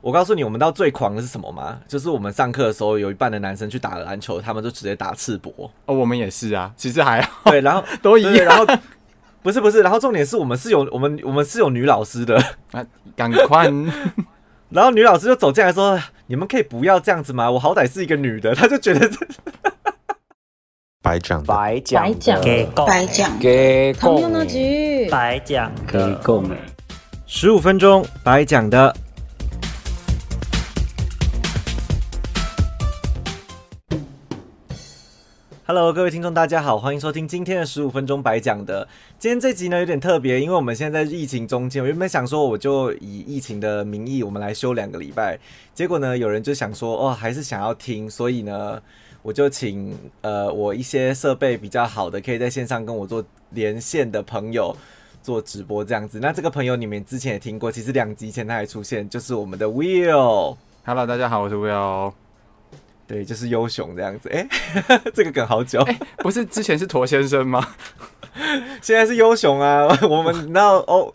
我告訴你，我們到最狂的是什麼嗎？就是我們上課的時候，有一半的男生去打籃球，他們就直接打赤膊。哦，我們也是啊，其實還好，對，然後都一樣。對對對，然後不是不是，然後重點是我們是有我們我們是有女老師的。啊，趕快！ 然後女老師就走進來說：“你們可以不要這樣子嗎？我好歹是一個女的。”她就覺得這 白講白講白講白講講白講給夠白講白講白講白講白講白講白 Hello，各位聽眾，大家好，歡迎收聽今天的十五分鐘白講的。今天這集呢，有點特別，因為我們現在在疫情中間，我原本想說，我就以疫情的名義，我們來休兩個禮拜。結果呢，有人就想說，哦，還是想要聽，所以呢，我就請呃，我一些設備比較好的，可以在線上跟我做連線的朋友做直播這樣子。那這個朋友你們之前也聽過，其實兩集前他還出現，就是我們的 Will。Hello，大家好，我是 Will。對，就是優雄這樣子。哎、欸，這個梗好久。哎、欸，不是之前是駝先生嗎？ 現在是優雄啊。我們那哇哦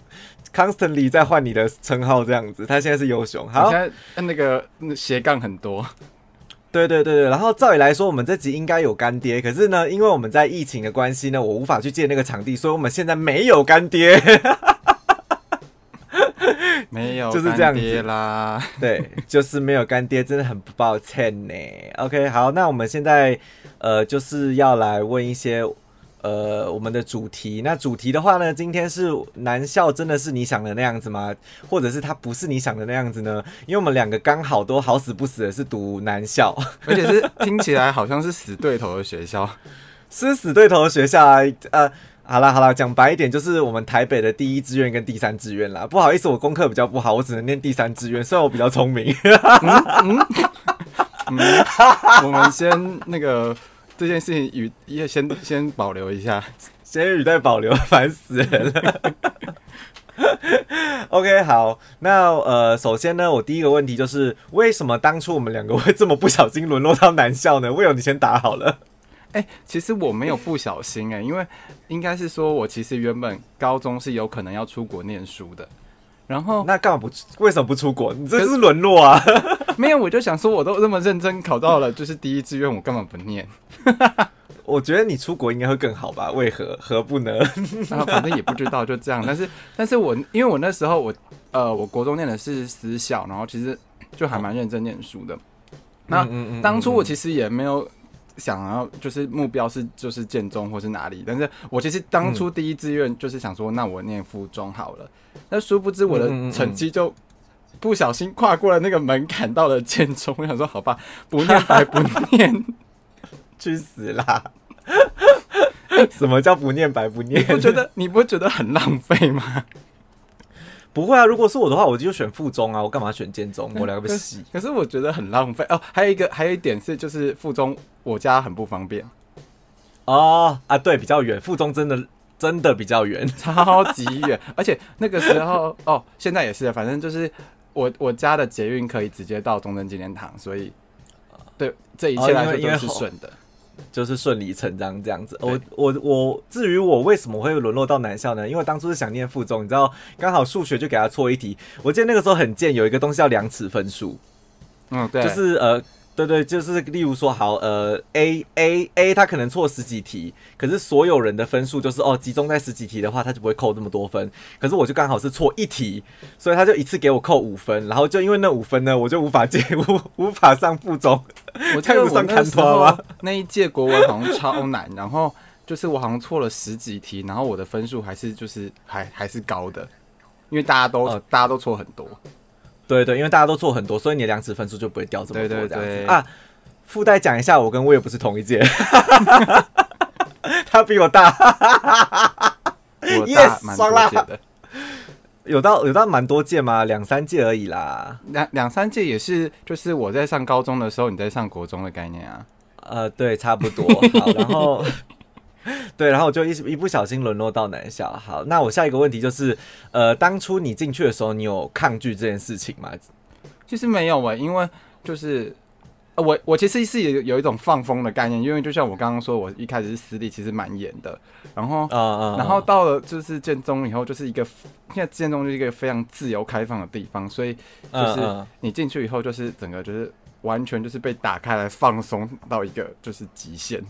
，Constantly 在換你的稱號這樣子。他現在是優雄。好，現在那個斜槓很多。對對對對。然後照理來說，我們這集應該有乾爹。可是呢，因為我們在疫情的關係呢，我無法去借那個場地，所以我們現在沒有乾爹。 沒有，就是這樣子啦。對，就是沒有乾爹，真的很不抱歉呢。 OK，好，那我們現在呃，就是要來問一些呃我們的主題。那主題的話呢，今天是男校，真的是你想的那樣子嗎？或者是他不是你想的那樣子呢？因為我們兩個剛好都好死不死的是讀男校，而且是聽起來好像是死對頭的學校， 是死對頭的學校啊、呃。好啦好啦，講白一點就是我們台北的第一志願跟第三志願啦。不好意思，我功課比較不好，我只能念第三志願，雖然我比較聰明，嗯嗯嗯。我們先那個這件事情雨也先先保留一下，先語帶保留，煩死人了。 OK，好，那呃，首先呢，我第一個問題就是為什麼當初我們兩個會這麼不小心淪落到男校呢？Will 你先打好了。哎、欸，其實我沒有不小心哎、欸，因為應該是說我其實原本高中是有可能要出國念書的，然後那幹嘛不為什麼不出國？你這是淪落啊！沒有，我就想說，我都這麼認真考到了，就是第一志願，我幹嘛不念？ 我覺得你出國應該會更好吧？為何何不能？然後、啊、反正也不知道就這樣。但是，但是我因為我那時候我呃，我國中念的是私校，然後其實就還蠻認真念書的。那當初我其實也沒有。想要就是目標是就是建中或是哪裡，但是我其實當初第一志願就是想說，那我念附中好了。那、嗯、殊不知我的成績就不小心跨過了那個門檻，到了建中。嗯嗯，我想說，好吧，不念白不念， 去死啦！ 什麼叫不念白不念？我覺得你不覺得很浪費嗎？不會啊！如果是我的話，我就選附中啊！我幹嘛選建中？我兩個不喜。嗯、可，可是我覺得很浪費哦。還有一個，還有一點是，就是附中我家很不方便哦啊，對，比較遠。附中真的真的比較遠，超級遠。 而且那個時候哦，現在也是，反正就是我我家的捷運可以直接到中正紀念堂，所以對這一切來說都是順的。哦就是順理成章這樣子。我我我，至於我為什麼會淪落到男校呢？因為當初是想念附中，你知道，剛好數學就給他錯一題。我記得那個時候很賤，有一個東西叫量尺分數，嗯，對，就是呃。對對，就是例如說，好，呃，A A A，他可能錯十幾題，可是所有人的分數就是哦，集中在十幾題的話，他就不會扣那麼多分。可是我就剛好是錯一題，所以他就一次給我扣五分，然後就因為那五分呢，我就無法接，無無法上附中。我太不看錯了， 那一屆國文好像超難， 然後就是我好像錯了十幾題，然後我的分數還是就是還還是高的，因為大家都、哦、大家都錯很多。對對，因為大家都做很多，所以你的量尺分數就不會掉這麼多這樣子。對對對啊。附帶講一下，我跟我也不是同一屆， 他比我大 我大，爽了。有到有到蠻多屆嗎？兩三屆而已啦。兩兩三屆也是，就是我在上高中的時候，你在上國中的概念啊。呃，對，差不多。好 然後。 對，然後我就一一不小心淪落到男校。好，那我下一個問題就是，呃，當初你進去的時候，你有抗拒這件事情嗎？其實沒有誒、欸，因為就是，呃、我我其實是有有一種放風的概念，因為就像我剛剛說，我一開始是私立，其實蠻嚴的。然後啊、嗯嗯嗯、然後到了就是建中以後，就是一個現在建中就是一個非常自由開放的地方，所以就是你進去以後，就是整個就是完全就是被打開來放鬆到一個就是極限。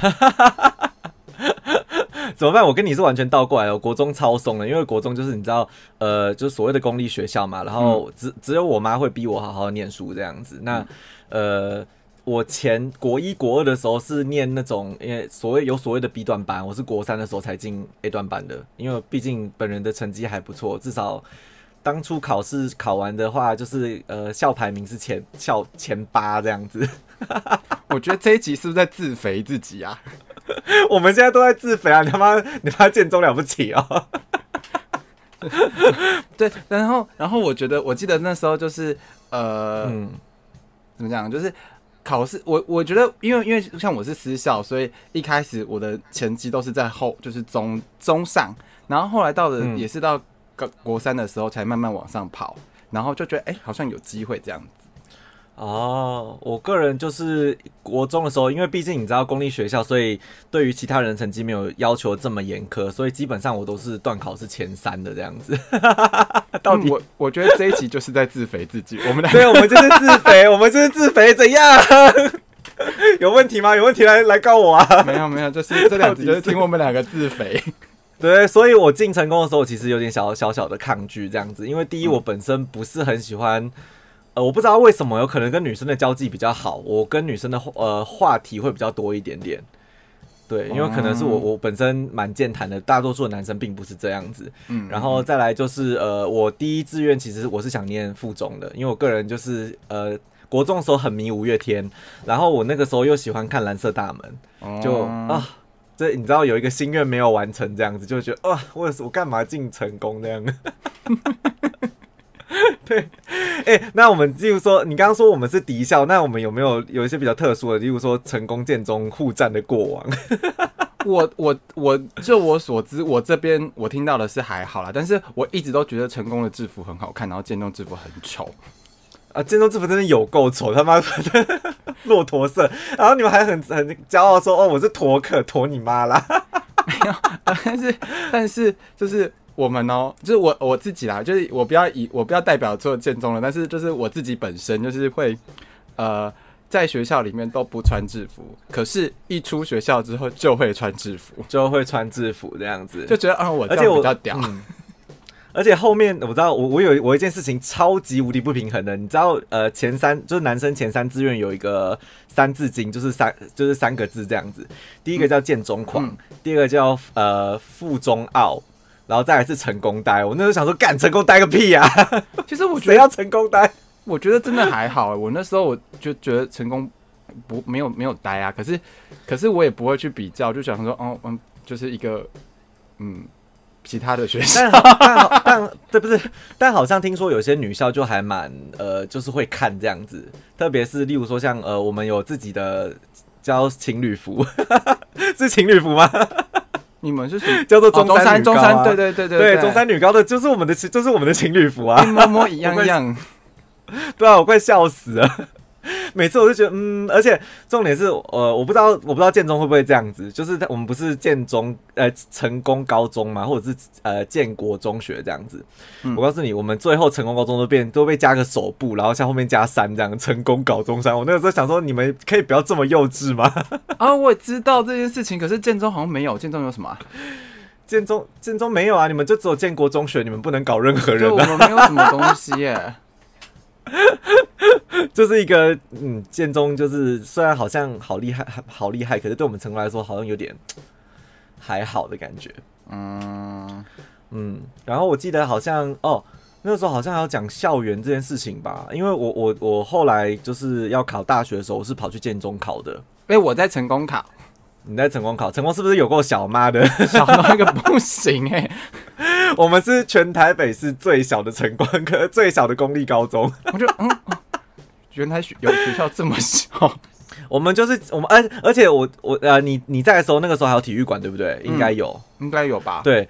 怎麼辦？我跟你是完全倒過來哦。我國中超鬆的，因為國中就是你知道，呃，就是所謂的公立學校嘛。然後只只有我媽會逼我好好念書這樣子。那呃，我前國一、國二的時候是念那種，因為所謂有所謂的 B 段班。我是國三的時候才進 A 段班的，因為畢竟本人的成績還不錯，至少當初考試考完的話，就是呃，校排名是前校前八這樣子。 我覺得這一集是不是在自肥自己啊？ 我們現在都在自肥啊！你他媽，你他媽建中了不起啊，哦 ！ 對，然後，然後我覺得，我記得那時候就是呃，嗯、怎麼講，就是考試，我我覺得，因為因為像我是私校，所以一開始我的前期都是在後，就是中中上，然後後來到了、嗯、也是到高國三的時候才慢慢往上跑，然後就覺得哎、欸，好像有機會這樣子。哦，我個人就是國中的時候，因為畢竟你知道公立學校，所以對於其他人成績沒有要求這麼嚴苛，所以基本上我都是段考是前三的這樣子。 到底、嗯、我我覺得這一集就是在自肥自己， 我們兩個對，我們就是自肥， 我們就是自肥，怎樣？ 有問題嗎？有問題來來告我啊！沒有沒有，就是這兩集就是聽我們兩個自肥。 對，所以我進成功的時候，其實有點小小小的抗拒這樣子，因為第一我本身不是很喜歡。呃，我不知道為什麼，有可能跟女生的交際比較好，我跟女生的呃話題會比較多一點點。對，因為可能是我我本身蠻健談的，大多數的男生並不是這樣子。嗯，然後再來就是呃，我第一志願其實我是想念附中的，因為我個人就是呃國中的時候很迷五月天，然後我那個時候又喜歡看藍色大門，就啊、呃，這你知道有一個心願沒有完成這樣子，就覺得啊、呃，我我幹嘛進成功這樣。 對，哎、欸，那我們就說，你剛剛說我們是敵校，那我們有沒有有一些比較特殊的，例如說成功建中互戰的過往？ 我我我，就我所知，我這邊我聽到的是還好啦，但是我一直都覺得成功的制服很好看，然後建中制服很醜啊！建中制服真的有夠醜，他媽的駱駝 色，然後你們還很很驕傲說哦，我是駝客，駝你媽啦！沒 有？ 但是但是就是。我們哦，就是我我自己啦，就是我不要以我不要代表做建中了，但是就是我自己本身就是會，呃，在學校裡面都不穿制服，可是，一出學校之後就會穿制服，就會穿制服這樣子，就覺得啊、嗯，我這樣而且我比較屌，而且後面我知道我我有我一件事情超級無敵不平衡的，你知道，呃，前三就是男生前三志願有一個三字經，就是三就是三個字這樣子，第一個叫建中狂，嗯嗯、第二個叫呃附中傲。然後再來是成功呆，我那時候想說，幹成功呆個屁啊。其實我覺得要成功呆，我覺得真的還好欸。我那時候我就覺得成功不沒有沒有呆啊，可是可是我也不會去比較，就想說，哦嗯，嗯，就是一個嗯其他的學校。但好但這不是，但好像聽說有些女校就還蠻呃，就是會看這樣子，特別是例如說像呃我們有自己的叫情侶服， 是情侶服嗎？你們就是叫做中山、啊哦、中山，中山對對對對對，對中山女高的就是我們的就是我們的情侶服啊、欸，一模一樣一樣快， 對啊，我快笑死了。 每次我就覺得，嗯，而且重點是，呃，我不知道，我不知道建中會不會這樣子，就是在我們不是建中，呃，成功高中嘛，或者是呃建國中學這樣子。嗯、我告訴你，我們最後成功高中都變都被加個手部，然後像後面加三這樣，成功搞中山。我那個時候想說，你們可以不要這麼幼稚嗎？啊，我也知道這件事情，可是建中好像沒有，建中有什麼、啊建？建中建中沒有啊，你們就只有建國中學，你們不能搞任何人、啊。我沒有什麼東西耶、欸。 就是一個嗯，建中就是雖然好像好厲害，好厲害，可是對我們成功來說好像有點還好的感覺。嗯嗯，然後我記得好像哦，那時候好像還有講校園這件事情吧，因為我我我後來就是要考大學的時候，我是跑去建中考的。哎，我在成功考，你在成功考，成功是不是有夠小媽的？小媽個不行哎、欸， 我們是全台北市最小的成功，可是最小的公立高中。我就嗯。原來學有學校這麼小， 我們就是我們，而、呃、而且我我呃，你你在的時候，那個時候還有體育館對不對？應該有，嗯、應該有吧？對，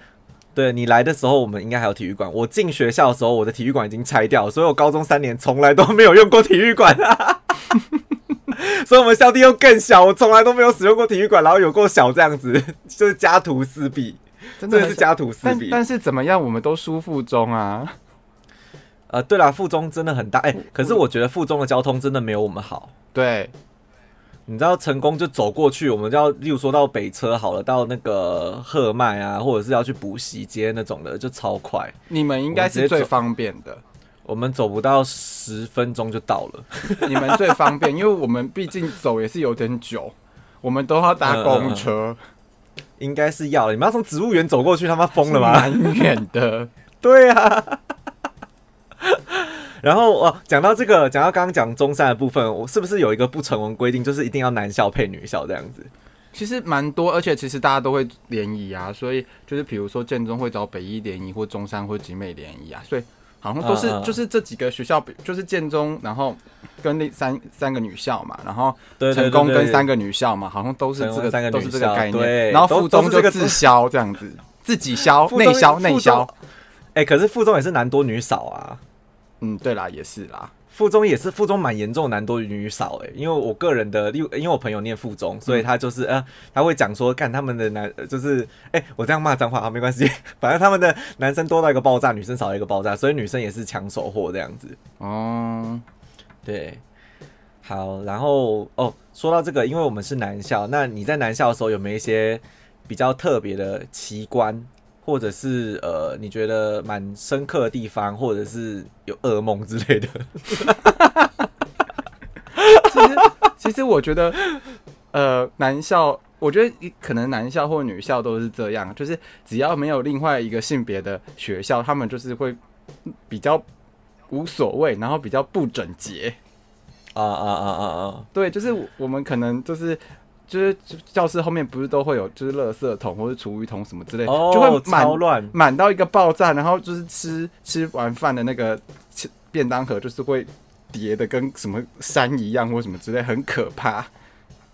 對你來的時候，我們應該還有體育館。我進學校的時候，我的體育館已經拆掉了，所以我高中三年從來都沒有用過體育館、啊、 所以我們校地又更小，我從來都沒有使用過體育館，然後有夠小這樣子，就是家徒四壁，真的，真的是家徒四壁。但是怎麼樣，我們都舒服中啊。呃，對啦，附中真的很大，哎、欸，可是我覺得附中的交通真的沒有我們好。對，你知道成功就走過去，我們就要，例如說到北車好了，到那個赫邁啊，或者是要去補習街那種的，就超快。你們應該是最方便的。我，我們走不到十分鐘就到了。你們最方便，因為我們畢竟走也是有點久， 我們都要搭公車，嗯、應該是要的。你們要從植物園走過去，他媽瘋了嗎？很遠的， 對啊。然後哦、啊，講到這個，講到剛剛講中山的部分，我是不是有一個不成文規定，就是一定要男校配女校這樣子？其實蠻多，而且其實大家都會聯誼啊，所以就是比如說建中會找北一聯誼，或中山或景美聯誼啊，所以好像都是、嗯、就是這幾個學校，就是建中，然後跟那三三個女校嘛，然後成功跟三個女校嘛，好像都是這個，三個都是這個概念。對然後附中就自銷這樣子，對這個、自己銷內銷中內銷。哎，可是附中也是男多女少啊。嗯，對啦，也是啦，附中也是附中，蠻嚴重，男多女少，哎，因為我個人的，因為我朋友念附中，所以他就是、嗯、呃，他會講說，幹他們的男就是，哎、欸，我這樣罵髒話，好沒關係，反正他們的男生多到一個爆炸，女生少到一個爆炸，所以女生也是搶手貨這樣子。哦、嗯，對，好，然後哦，說到這個，因為我們是男校，那你在男校的時候有沒有一些比較特別的奇觀？或者是呃，你覺得蠻深刻的地方，或者是有噩夢之類的。 其實，其實我覺得，呃，男校，我覺得可能男校或女校都是這樣，就是只要沒有另外一個性別的學校，他們就是會比較無所謂，然後比較不整潔。啊啊啊啊啊！對，就是我們可能就是。就是教室後面不是都會有就是垃圾桶或者廚餘桶什麼之類的，oh, 就會滿滿亂到一個爆炸，然後就是吃吃完飯的那個便當盒，就是會疊的跟什麼山一樣或什麼之類，很可怕。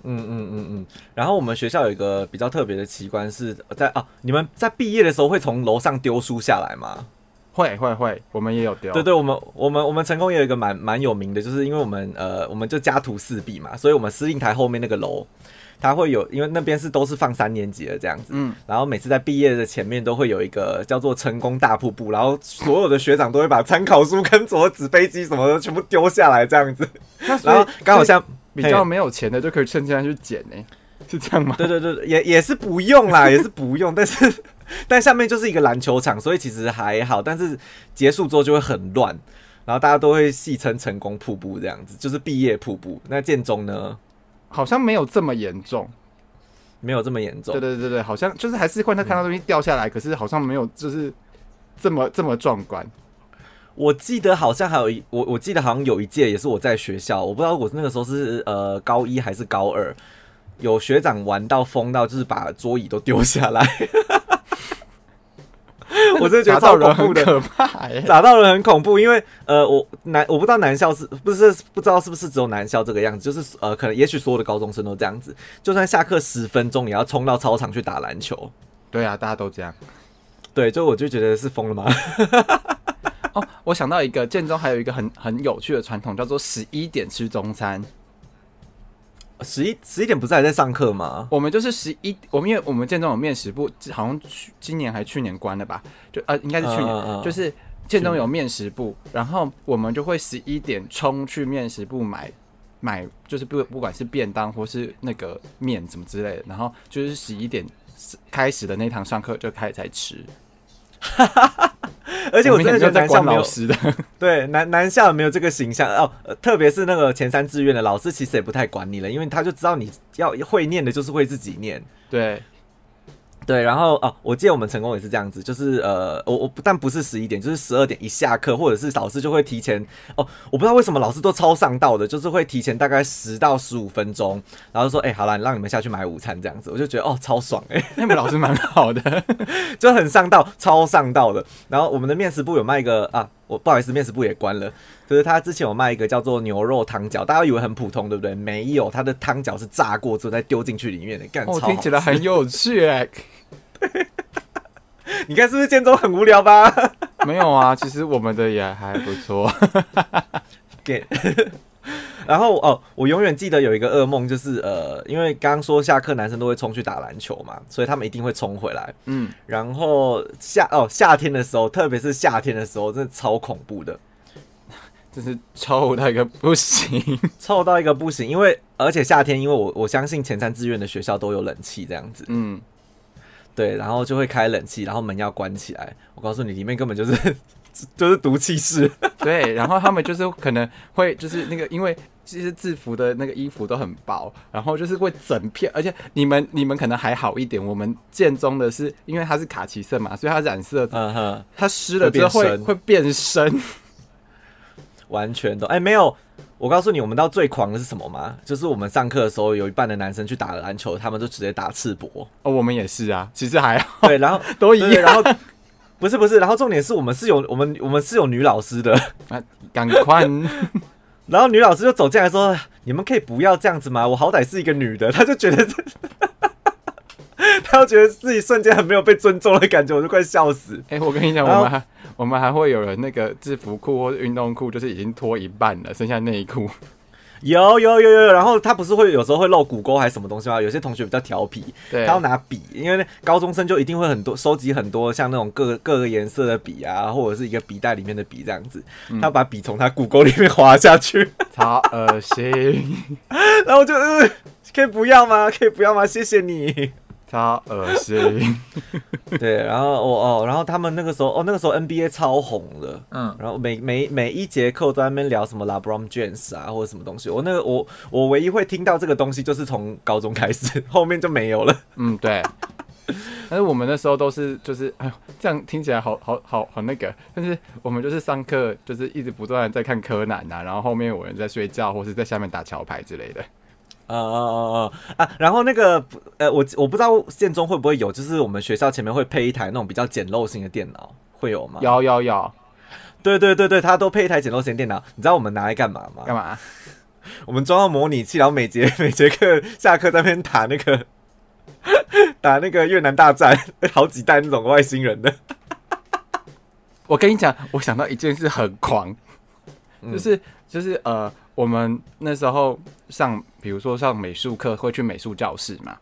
嗯嗯嗯嗯。然後我們學校有一個比較特別的奇觀是在啊，你們在畢業的時候會從樓上丟書下來嗎？會會會，我們也有丟。對對，我們我們我們成功也有一個蠻蠻有名的，就是因為我們呃我們就家徒四壁嘛，所以我們司令台後面那個樓。他會有，因為那邊是都是放三年級的這樣子，嗯，然後每次在畢業的前面都會有一個叫做成功大瀑布，然後所有的學長都會把參考書跟折紙飛機什麼的全部丟下來這樣子，那所以然後剛好像看嘿比較沒有錢的就可以趁現在去撿呢、欸，是這樣嗎？對對對，也也是不用啦，也是不用， 但是但下面就是一個籃球場，所以其實還好，但是結束之後就會很亂，然後大家都會戲稱成功瀑布這樣子，就是畢業瀑布。那建中呢？好像沒有這麼嚴重，沒有這麼嚴重。對對對對，好像就是還是怪他看到東西掉下來，嗯、可是好像沒有就是這麼這麼壯觀。我記得好像還有一我我記得好像有一屆也是我在學校，我不知道我那個時候是呃高一還是高二，有學長玩到瘋到就是把桌椅都丟下來。 我是覺得超恐怖的，打到人很可怕欸，打到人很恐怖。因為呃，我男我不知道男校是不是，不知道是不是只有男校這個樣子，就是呃，可能也許所有的高中生都這樣子，就算下課十分鐘也要衝到操場去打籃球。對啊，大家都這樣。對，就我就覺得是瘋了嗎？ 哦，我想到一個，建中還有一個很很有趣的傳統，叫做十一點吃中餐。十一十一點不是還在上課嗎？我們就是十一，我們因為我們建中有面食部，好像去今年還是去年關了吧？就呃、啊，應該是去年，uh, 就是建中有面食部，是然後我們就會十一點衝去面食部買買，就是不不管是便當或是那個面什麼之類的，然後就是十一點開始的那堂上課就開始在吃。 而且我真的覺得男校沒有實的對，對男男校沒有這個形象哦，呃、特別是那個前三志願的老師其實也不太管你了，因為他就知道你要會念的，就是會自己念，對。對，然後啊、哦，我記得我們成功也是這樣子，就是呃，我我不但不是十一點，就是十二點一下課，或者是老師就會提前哦，我不知道為什麼老師都超上道的，就是會提前大概十到十五分鐘，然後說哎、欸，好啦，你讓你們下去買午餐這樣子，我就覺得哦，超爽哎、欸，那邊老師蠻好的， 就很上道，超上道的。然後我們的麵食部有賣一個啊。不好意思，麵食部也關了。可是他之前有賣一個叫做牛肉湯餃，大家以為很普通，對不對？沒有，他的湯餃是炸過之後再丟進去裡面、欸哦、的。幹，我聽起來很有趣。 你看是不是建中很無聊吧？沒有啊，其實我們的也還不錯。給。 Get. 然後哦，我永遠記得有一個噩夢，就是呃，因為剛剛說下課男生都會衝去打籃球嘛，所以他們一定會衝回來。嗯，然後夏哦夏天的時候，特別是夏天的時候，真的超恐怖的，就是臭那個不行，臭到一個不行。因為而且夏天，因為我我相信前三志願的學校都有冷氣這樣子，嗯，對，然後就會開冷氣，然後門要關起來。我告訴你，裡面根本就是。就是毒氣室，對，然後他們就是可能會就是那個，因為其實制服的那個衣服都很薄，然後就是會整片，而且你們你們可能還好一點，我們建中的是因為它是卡其色嘛，所以它染色，它濕呵了之後會就變深，變身完全都哎、欸、沒有，我告訴你，我們到最狂的是什麼嗎？就是我們上課的時候有一半的男生去打籃球，他們就直接打赤膊哦，我們也是啊，其實還好，對，然後都一樣，對對對然後。 不是不是，然後重點是我們是有我們我們是有女老師的，趕快、啊。 然後女老師就走進來說：“你們可以不要這樣子嗎？我好歹是一個女的。”她就覺得， 她就覺得自己瞬間很沒有被尊重的感覺，我就快笑死。哎、欸，我跟你講，然後我們還我們還會有人那個制服褲或者運動褲，就是已經脫一半了，剩下內褲。有有有有有，然後他不是會有時候會露股溝還是什麼東西嗎？有些同學比較調皮，對他要拿筆，因為高中生就一定會很多收集很多像那種各各個顏色的筆啊，或者是一個筆袋裡面的筆這樣子，嗯、他把筆從他股溝裡面滑下去，好噁心。 然後就、呃，可以不要嗎？可以不要嗎？謝謝你。超惡心， 對，然後我哦，然後他們那個時候哦，那個時候 NBA 超紅的，嗯，然後每每每一節課都在那邊聊什麼 LeBron James 啊或者什麼東西，我、哦、那個我我唯一會聽到這個東西就是從高中開始，後面就沒有了，嗯，對，但是我們那時候都是就是哎呦這樣聽起來好好好好那個，但是我們就是上課就是一直不斷在看柯南吶，然後後面有人在睡覺或是在下面打橋牌之類的。呃呃呃呃啊！然後那個呃，我我不知道建中會不會有，就是我們學校前面會配一台那種比較簡陋型的電腦，會有嗎？有有有，有有對對對對，他都配一台簡陋型電腦。你知道我們拿來幹嘛嗎？幹嘛？ 我們裝了模擬器，然後每節每節課下課在那邊打那個 打那個越南大戰， 好幾代那種外星人的 。我跟你講，我想到一件事很狂，嗯、就是就是呃。我們那時候上，比如說上美術課會去美術教室嘛，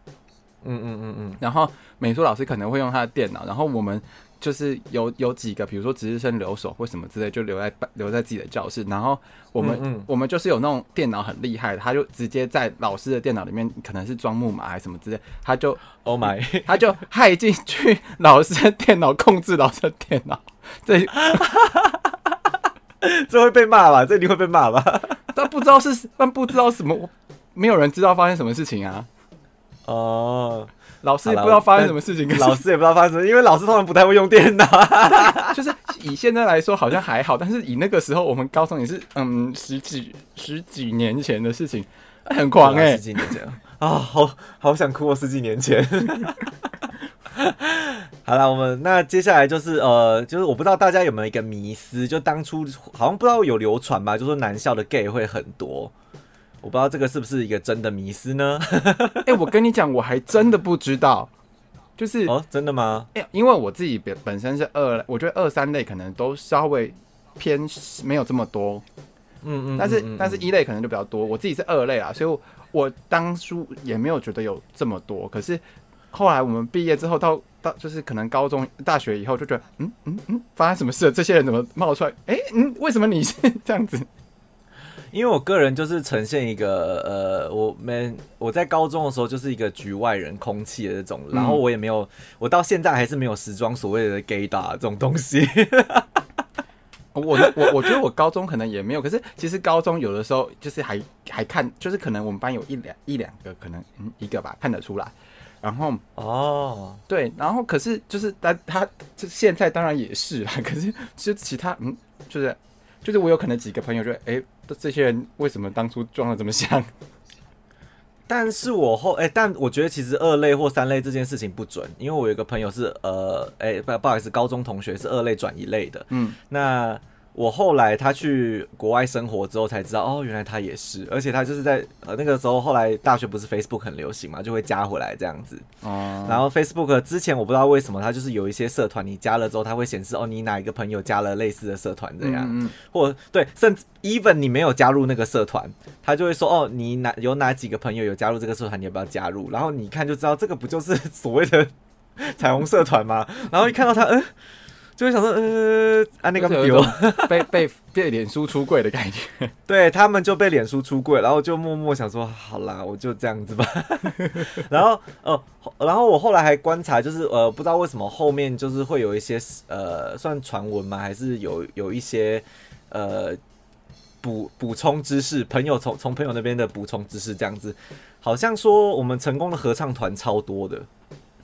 嗯嗯嗯嗯，然後美術老師可能會用他的電腦，然後我們就是有有幾個，比如說值日生留守或什麼之類，就留在留在自己的教室，然後我們嗯嗯我們就是有那種電腦很厲害的，他就直接在老師的電腦裡面，可能是裝木馬還是什麼之類，他就 Oh my，他、嗯、就害進去老師的電腦，控制老師的電腦，這 這會被罵吧？這一定會被罵吧？不知道是，但不知道什麼，沒有人知道發生什麼事情啊！哦，老師也不知道發生什麼事情，啦是老師也不知道發生什麼，因為老師通常不太會用電腦， 就是以現在來說好像還好，但是以那個時候，我們高中也是，嗯，十幾十幾年前的事情，很狂哎、欸嗯，十幾年前啊、哦，好好想哭，我十幾年前。 好了，我們那接下來就是呃，就是我不知道大家有沒有一個迷思，就當初好像不知道有流傳吧，就說男校的 gay 會很多，我不知道這個是不是一個真的迷思呢？哎、 欸，我跟你講，我還真的不知道，就是哦，真的嗎？哎、欸，因為我自己本本身是二類，我覺得二三類可能都稍微偏沒有這麼多，嗯嗯，嗯，嗯嗯，但是但是一類可能就比較多，我自己是二類啦，所以我，我當初也沒有覺得有這麼多，可是。後來我們畢業之後到，到到就是可能高中、大學以後就覺得，嗯嗯嗯，發生什麼事了？這些人怎麼冒出來？哎、欸，嗯，為什麼你是這樣子？因為我個人就是呈現一個呃，我們我在高中的時候就是一個局外人、空氣的那種，嗯、然後我也沒有，我到現在還是沒有時裝所謂的 gay 達這種東西。 我我我覺得我高中可能也沒有，可是其實高中有的時候就是還還看，就是可能我們班有一兩一兩個，可能、嗯、一個吧，看得出來。然後哦，oh. 對，然後可是就是他他這現在當然也是啦，可是其實其他嗯，就是就是我有可能幾個朋友就，哎、欸，這些人為什麼當初裝的這麼像？但是我後哎、欸，但我覺得其實二類或三類這件事情不準，因為我有一個朋友是呃，哎，不，不好意思，高中同學是二類轉一類的，嗯，那。我後來他去國外生活之後才知道，哦，原來他也是，而且他就是在呃那個時候，後來大學不是 Facebook 很流行嘛，就會加回來這樣子。哦。Uh. 然後 Facebook 之前我不知道為什麼，他就是有一些社團，你加了之後，他會顯示哦，你哪一個朋友加了類似的社團這樣，嗯、mm。Hmm. 或對，甚至 even 你沒有加入那個社團，他就會說哦，你哪有哪幾個朋友有加入這個社團，你也不要加入。然後你看就知道，這個不就是所謂的彩虹社團嗎？然後一看到他，嗯。 就會想說，呃，啊，那個被被被臉書出櫃的感覺， 對他們就被臉書出櫃，然後就默默想說，好啦，我就這樣子吧。 然後，哦，然後我後來還觀察，就是呃，不知道為什麼後面就是會有一些呃，算傳聞嗎？還是有有一些呃補補充知識，朋友從從朋友那邊的補充知識，這樣子，好像說我們成功的合唱團超多的。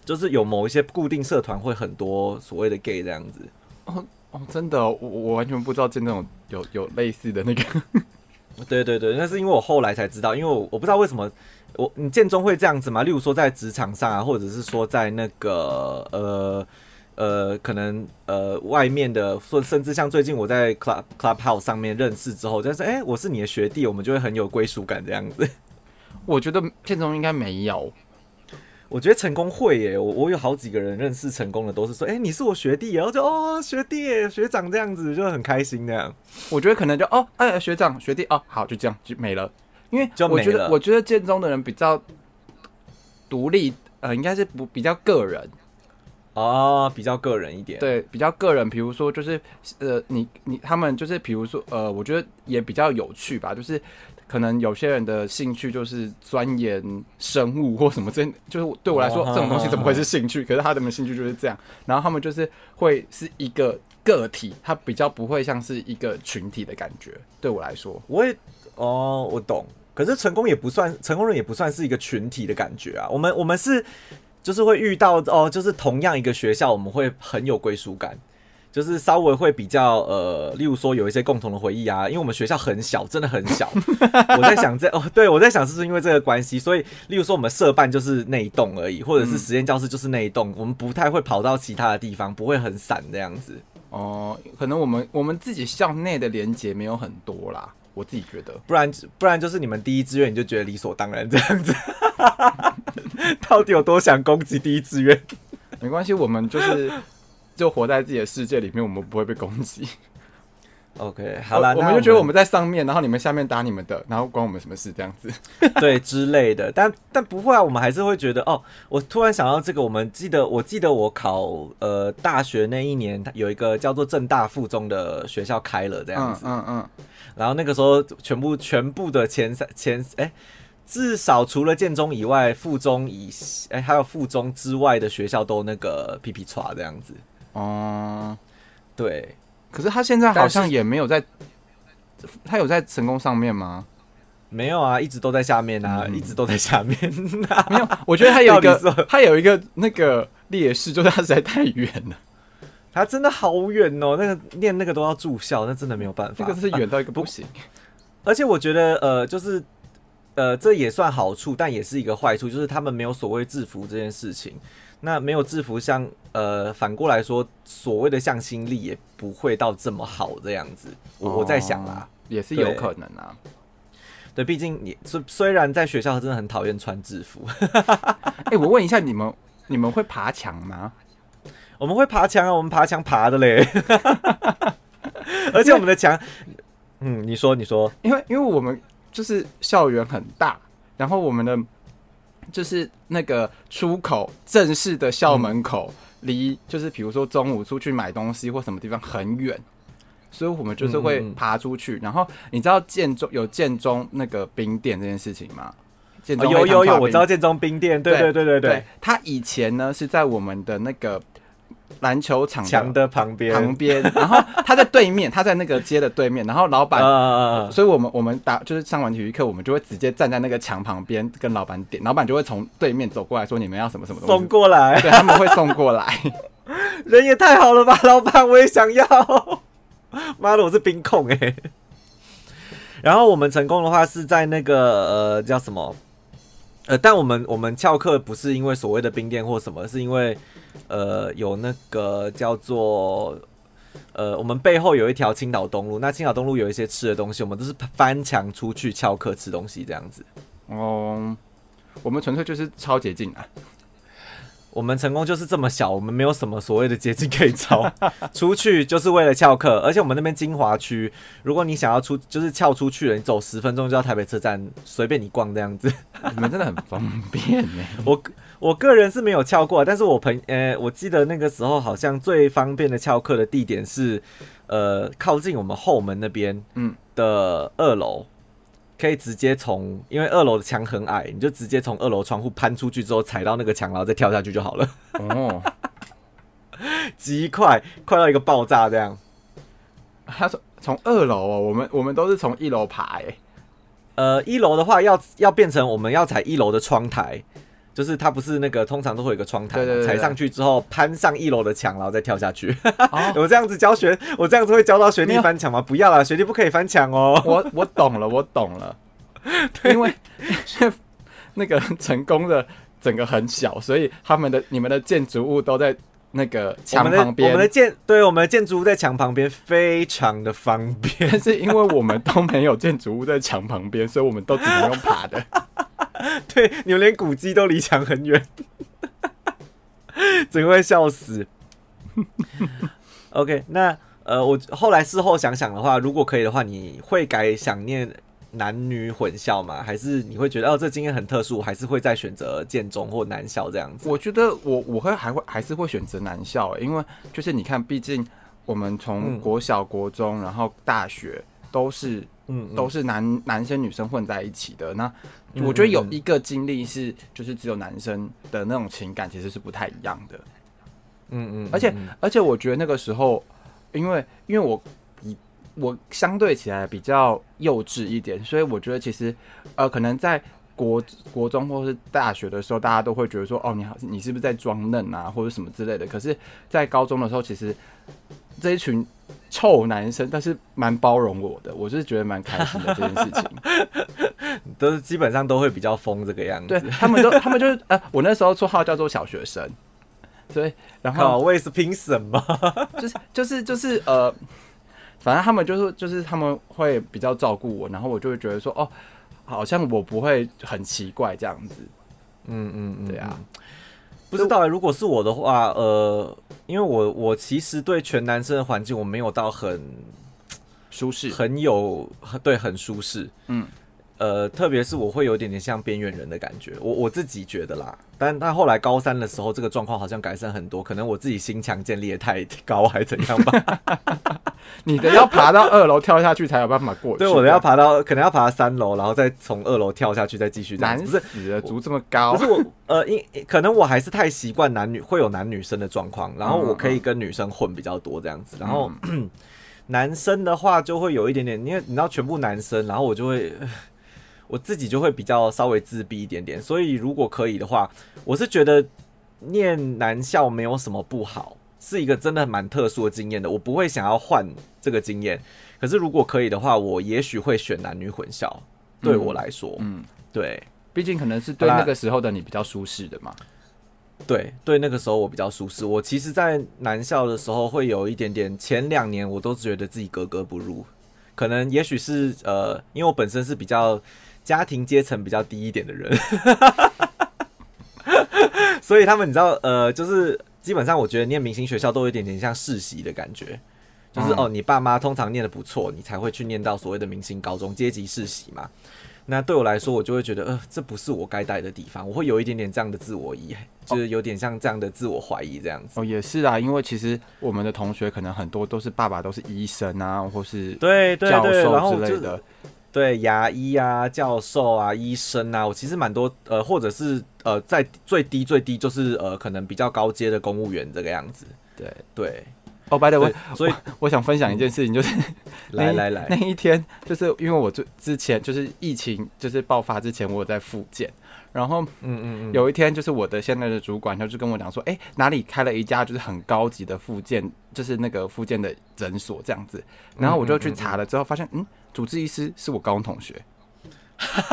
就是有某一些固定社團會很多所謂的 gay 這樣子，哦哦，真的，哦，我我完全不知道建中有有類似的那個， 對對對，那是因為我後來才知道，因為我我不知道為什麼我你建中會這樣子嘛，例如說在職場上啊，或者是說在那個呃呃，可能呃外面的甚至像最近我在 club clubhouse 上面認識之後，但是哎，我是你的學弟，我們就會很有歸屬感這樣子。我覺得建中應該沒有。我覺得成功會耶，我我有好幾個人認識成功的，都是說，哎，你是我學弟，然後就哦學弟學長這樣子就很開心那樣。我覺得可能就哦哎學長學弟哦好就這樣就沒了，因為我覺得我覺得，我覺得建中的人比較獨立，呃，應該是不比較個人啊，比較個人一點，對，比較個人。比如說就是呃你你他們就是比如說呃，我覺得也比較有趣吧，就是。可能有些人的興趣就是鑽研生物或什麼，這就是對我來說這種東西怎麼會是興趣？Oh, 可是他們的興趣就是這樣。然後他們就是會是一個個體，他比較不會像是一個群體的感覺。對我來說，我也哦，我懂。可是成功也不算成功，人也不算是一個群體的感覺啊。我們我們是就是會遇到哦，就是同樣一個學校，我們會很有歸屬感。就是稍微會比較呃，例如說有一些共同的回憶啊，因為我們學校很小，真的很小。 我在想這哦，對我在想是不是因為這個關係，所以例如說我們社辦就是那一棟而已，或者是實驗教室就是那一棟，嗯、我們不太會跑到其他的地方，不會很散這樣子。哦、呃，可能我們我們自己校內的連接沒有很多啦，我自己覺得，不然不然就是你們第一志願你就覺得理所當然這樣子， 到底有多想攻擊第一志願？ 沒關係，我們就是。就活在自己的世界裡面，我們不會被攻擊。OK，好啦，哦、那我們我們就覺得我們在上面，然後你們下面打你們的，然後關我們什麼事？這樣子，對之類的。但但不會啊，我們還是會覺得哦。我突然想到這個，我們記得，我記得我考呃大學那一年，有一個叫做政大附中的學校開了這樣子，嗯嗯。嗯嗯然後那個時候，全部全部的前三前，哎、欸，至少除了建中以外，附中以哎、欸、還有附中之外的學校都那個皮皮剉這樣子。哦，嗯、對，可是他現在好像也沒有在，是他有在成功上面嗎？沒有啊，一直都在下面啊，嗯、一直都在下面、啊。沒有，我覺得他有一個， 他有一個，他有一個那個劣勢，就是他實在太遠了。他真的好遠哦，那個念那個都要住校，那真的沒有辦法，這個是遠到一個不行、啊不。而且我覺得，呃，就是呃，這也算好處，但也是一個壞處，就是他們沒有所謂制服這件事情。那沒有制服像，像呃，反過來說，所謂的向心力也不會到這麼好這樣子。哦、我在想啦，也是有可能啊。對，畢竟你雖雖然在學校真的很討厭穿制服。哎、欸， 我問一下你們，你們會爬牆嗎？我們會爬牆啊，我們爬牆爬的嘞。 而且我們的牆，因為，嗯，你說，你說，因為因為我們就是校園很大，然後我們的。就是那個出口正式的校門口，離就是比如說中午出去買東西或什麼地方很遠，所以我們就是會爬出去。然後你知道建中有建中那個冰店這件事情嗎？建中，有有有，我知道建中冰店。對對對對對，他以前呢是在我們的那個。籃球場牆的旁邊，旁邊，然後他在對面，他在那個街的對面，然後老板，所以我們我們打就是上完體育課，我們就會直接站在那個牆旁邊跟老板點，老板就會從對面走過來說你們要什麼什麼東西送過來，對，他們會送過來，人也太好了吧，老板，我也想要，媽 的，我是冰控哎、欸，然後我們成功的話是在那個呃叫什麼，呃，但我們我們翹課不是因為所謂的冰店或什麼，是因為。呃，有那個叫做，呃，我們背後有一條青島東路，那青島東路有一些吃的東西，我們都是翻牆出去翹課吃東西這樣子。哦、嗯，我們純粹就是超捷徑啊。我們成功就是這麼小，我們沒有什麼所謂的捷徑可以抄， 出去就是為了翹課，而且我們那邊精華區，如果你想要出，就是翹出去了，你走十分鐘就到台北車站，隨便你逛這樣子，你們真的很方便呢。 我。我個人是沒有翹過，但是我朋，呃，我記得那個時候好像最方便的翹課的地點是，呃，靠近我們後門那邊，嗯，的二樓，可以直接從，因為二樓的牆很矮，你就直接從二樓窗戶攀出去之後，踩到那個牆，然後再跳下去就好了。哦，極快，快到一個爆炸這樣。他說從二樓哦？我們我們都是從一樓爬欸。呃，一樓的話要要變成我們要踩一樓的窗台。就是他不是那個，通常都會有一個窗台。對對對，踩上去之後攀上一樓的牆，然後再跳下去。我、哦、 這樣子教學，我這樣子會教到學弟翻牆嗎？有不要啦，學弟不可以翻牆哦、喔。我我懂了，我懂了。 對因為那個成功的整個很小，所以他們的你們的建築物都在那個牆旁邊邊。我們的建，對，我們的建築物在牆旁邊，非常的方便。是因為我們都沒有建築物在牆旁邊，所以我們都只能用爬的。 對，你們連古蹟都離牆很遠，只 會笑死。 OK，那呃，我後來事後想想的話，如果可以的話，你會改想念男女混校嗎？還是你會覺得哦，這個、經驗很特殊，還是會再選擇建中或男校這樣子？我覺得我我會還會還是會選擇男校，因為就是你看，畢竟我們從國小、國中，然後大學都是嗯，嗯都是男男生女生混在一起的那。我覺得有一個經歷是，就是只有男生的那種情感，其實是不太一樣的，嗯嗯，而且而且我覺得那個時候，因為因為我我相對起來比較幼稚一點，所以我覺得其實呃，可能在國國中或是大學的時候，大家都會覺得說，哦，你好，你是不是在裝嫩啊，或者什麼之類的。可是，在高中的時候，其實。這一群臭男生，但是蠻包容我的，我就是覺得蠻開心的 這件事情，都是基本上都會比較瘋這個樣子。對，他們都，他們就是，呃，我那時候綽號叫做小學生，所以然後我也是拼什麼？ 就是就是就是呃，反正他們就是就是他們會比較照顧我，然後我就會覺得說，哦，好像我不會很奇怪這樣子，嗯嗯，嗯嗯，對啊。不知道欸，如果是我的話，呃，因為我我其實對全男生的環境，我沒有到很舒適，很有，對，很舒適，嗯。呃，特別是我會有點點像邊緣人的感覺，我我自己覺得啦。但他後來高三的時候，這個狀況好像改善很多，可能我自己心牆建立的太高，還是怎樣吧。 你的要爬到二樓跳下去才有辦法過去。 對，我的要爬到可能要爬到三樓，然後再從二樓跳下去，再繼續這樣子。不是你的，我足這麼高。可是我，呃，因可能我還是太習慣男女會有男女生的狀況，然後我可以跟女生混比較多這樣子，然後、嗯、 男生的話就會有一點點，因為你知道全部男生，然後我就會。我自己就會比較稍微自閉一點點，所以如果可以的話，我是覺得念男校沒有什麼不好，是一個真的蠻特殊的經驗的。我不會想要換這個經驗，可是如果可以的話，我也許會選男女混校。對我來說，嗯，嗯對，畢竟可能是對那個時候的你比較舒適的嘛。對、啊、對，對那個時候我比較舒適。我其實，在男校的時候會有一點點，前兩年我都覺得自己格格不入，可能也許是呃，因為我本身是比較。家庭階層比較低一點的人， 所以他們你知道，呃，就是基本上我覺得念明星學校都有一點點像世襲的感覺，就是、嗯、哦，你爸媽通常念得不錯，你才會去念到所謂的明星高中，階級世襲嘛。那對我來說，我就會覺得，呃，這不是我該待的地方，我會有一點點這樣的自我疑，就是有點像這樣的自我懷疑這樣子。哦，也是啊，因為其實我們的同學可能很多都是爸爸都是醫生啊，或是對對，教授之類的。對對對對牙醫啊、教授啊、醫生啊，我其實蠻多呃，或者是呃，在最低最低就是呃，可能比較高階的公務員這個樣子。對對，哦，by the way，所以我，我，我想分享一件事情，就是、嗯、 一來來來，那一天就是因為我最之前就是疫情就是爆發之前，我在復健然後嗯嗯，有一天就是我的現在的主管他就，就跟我講說，哎，哪裡開了一家就是很高級的復健就是那個復健的診所這樣子，然後我就去查了之後發現嗯，嗯，嗯。嗯主治醫師是我高中同學，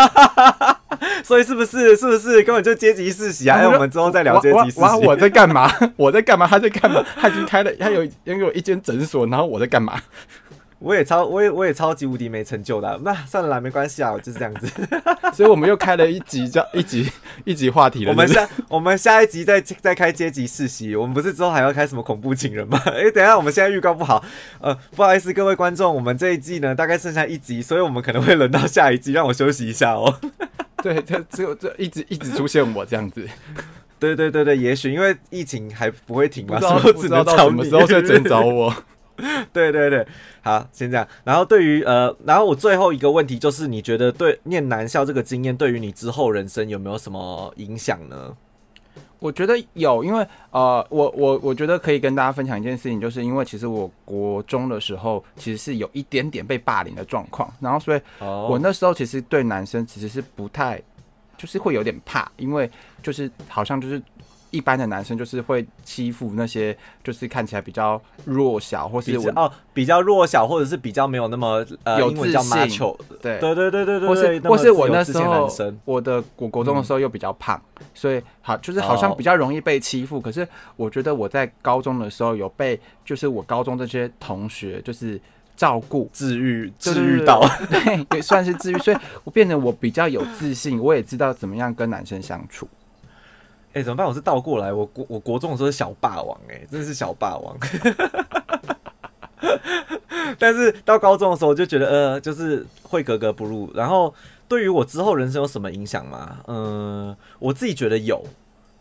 所以是不是是不是根本就階級世襲啊？我們之後再聊階級世襲。啊，我在幹嘛？ 我在幹嘛？他在幹嘛？他已經開了，他有他有一間診所，然後我在幹嘛？ 我也超，我也我也超級無敵沒成就的、啊，那算了啦，沒關係啊，就是這樣子。 所以我們又開了一集叫一集一集話題了。我們下 我們下一集再再開階級世襲，我們不是之後還要開什麼恐怖情人嗎？誒、欸，等一下我們現在預告不好，呃，不好意思各位觀眾，我們這一季呢大概剩下一集，所以我們可能會輪到下一集，讓我休息一下哦。對，就只有就，就一直一直出現我這樣子。 對對對對，也許因為疫情還不會停嘛，所以不知道什麼時候再再找我。 對對對，好，先這樣。然後對於呃，然後我最後一個問題就是，你覺得對唸男校這個經驗，對於你之後人生有沒有什麼影響呢？我覺得有，因為呃，我我我覺得可以跟大家分享一件事情，就是因為其實我國中的時候其實是有一點點被霸凌的狀況，然後所以，我那時候其實對男生其實是不太，就是會有點怕，因為就是好像就是。一般的男生就是會欺負那些就是看起來比較弱小，或是我哦比較弱小，或者是比較沒有那麼、呃、有自信。Macho, 對，對，對，對,對對對對對，或是自自或是我那時候，我的我國中的時候又比較胖，嗯、所以好就是好像比較容易被欺負。哦、可是我覺得我在高中的時候有被，就是我高中這些同學就是照顧、治癒、治癒到，對也算是治癒，所以我變得我比較有自信， 我也知道怎麼樣跟男生相處。哎、欸，怎麼辦？我是倒過來，我國我國中的時候是小霸王、欸，哎，真的是小霸王。 但是到高中的時候我就覺得，呃，就是會格格不入。然後對於我之後人生有什麼影響嗎？嗯、呃，我自己覺得有，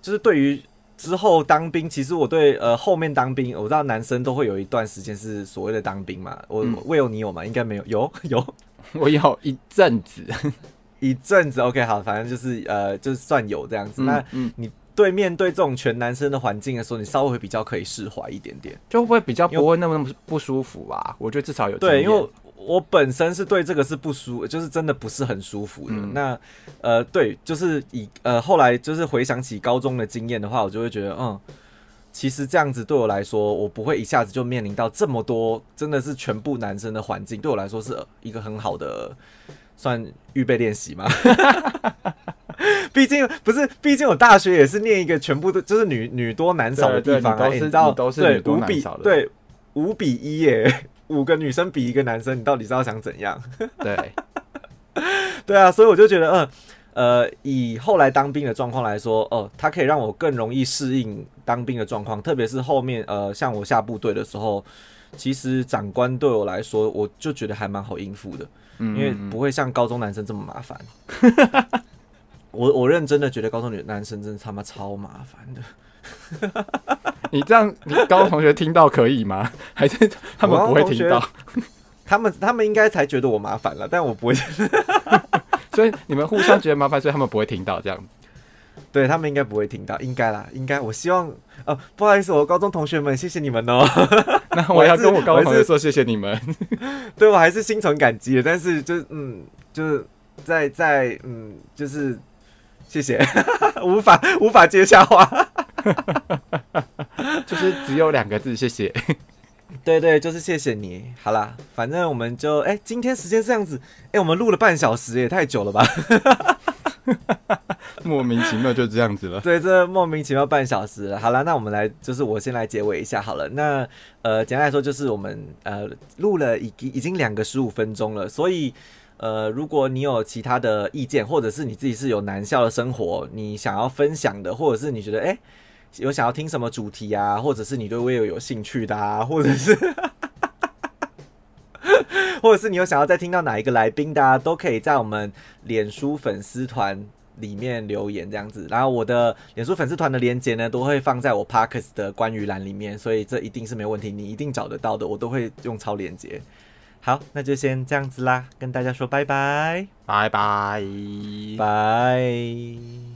就是對於之後當兵，其實我對呃後面當兵，我知道男生都會有一段時間是所謂的當兵嘛。我、嗯、我未有你有嗎？應該沒有，有有，我有一陣子， 一陣子。OK，好，反正就是呃，就是、算有這樣子，嗯嗯、那你。對，面對這種全男生的環境的時候，你稍微會比較可以釋懷一點點，就會不會比較不會那麼那麼不舒服吧？為我覺得至少有對，因為我本身是對這個是不舒服，就是真的不是很舒服的。嗯、那呃，對，就是以呃後來就是回想起高中的經驗的話，我就會覺得嗯，其實這樣子對我來說，我不會一下子就面臨到這麼多，真的是全部男生的環境，對我來說是一個很好的算預備練習嗎？ 畢竟不是，畢竟我大學也是念一個全部都就是女女多男少的地方，啊，你，都欸、你知道，都是女多男少的，對，五比一耶，欸，五個女生比一個男生，你到底知道想怎樣？對， 對啊，所以我就覺得，呃，呃，以後來當兵的狀況來說，哦、呃，他可以讓我更容易適應當兵的狀況，特別是後面，呃，像我下部隊的時候，其實長官對我來說，我就覺得還蠻好應付的，嗯嗯嗯，因為不會像高中男生這麼麻煩。 我我認真的覺得高中女男生真的他媽超麻煩的。 你這樣，你高中同學聽到可以嗎？還是他們不會聽到？他們他們應該才覺得我麻煩了，但我不會。 所以你們互相覺得麻煩，所以他們不會聽到這樣。對，他們應該不會聽到，應該啦，應該。我希望哦、呃，不好意思，我高中同學們，謝謝你們哦、喔。 那我要跟我高中同學說謝謝你們，我我對我還是心存感激的。但是就嗯，就是在在嗯，就是。謝謝，無法無法接下話， 就是只有兩個字謝謝。對，對對，就是謝謝你。好了，反正我們就哎、欸，今天時間這樣子，哎、欸，我們錄了半小時，也太久了吧？莫名其妙就這樣子了。對，這莫名其妙半小時。好了，那我們來，就是我先來結尾一下好了。那呃，簡單來說就是我們呃，錄了以已經兩個十五分鐘了，所以。呃，如果你有其他的意見，或者是你自己是有男校的生活，你想要分享的，或者是你覺得哎、欸，有想要聽什麼主題啊，或者是你對 Will 有興趣的啊，或者是， 或者是你有想要再聽到哪一個來賓的、啊，都可以在我們臉書粉絲團裡面留言這樣子。然後我的臉書粉絲團的鏈接呢，都會放在我 Parkus 的關於欄裡面，所以這一定是沒問題，你一定找得到的，我都會用超鏈接。好，那就先這樣子啦，跟大家說拜拜，拜拜，拜。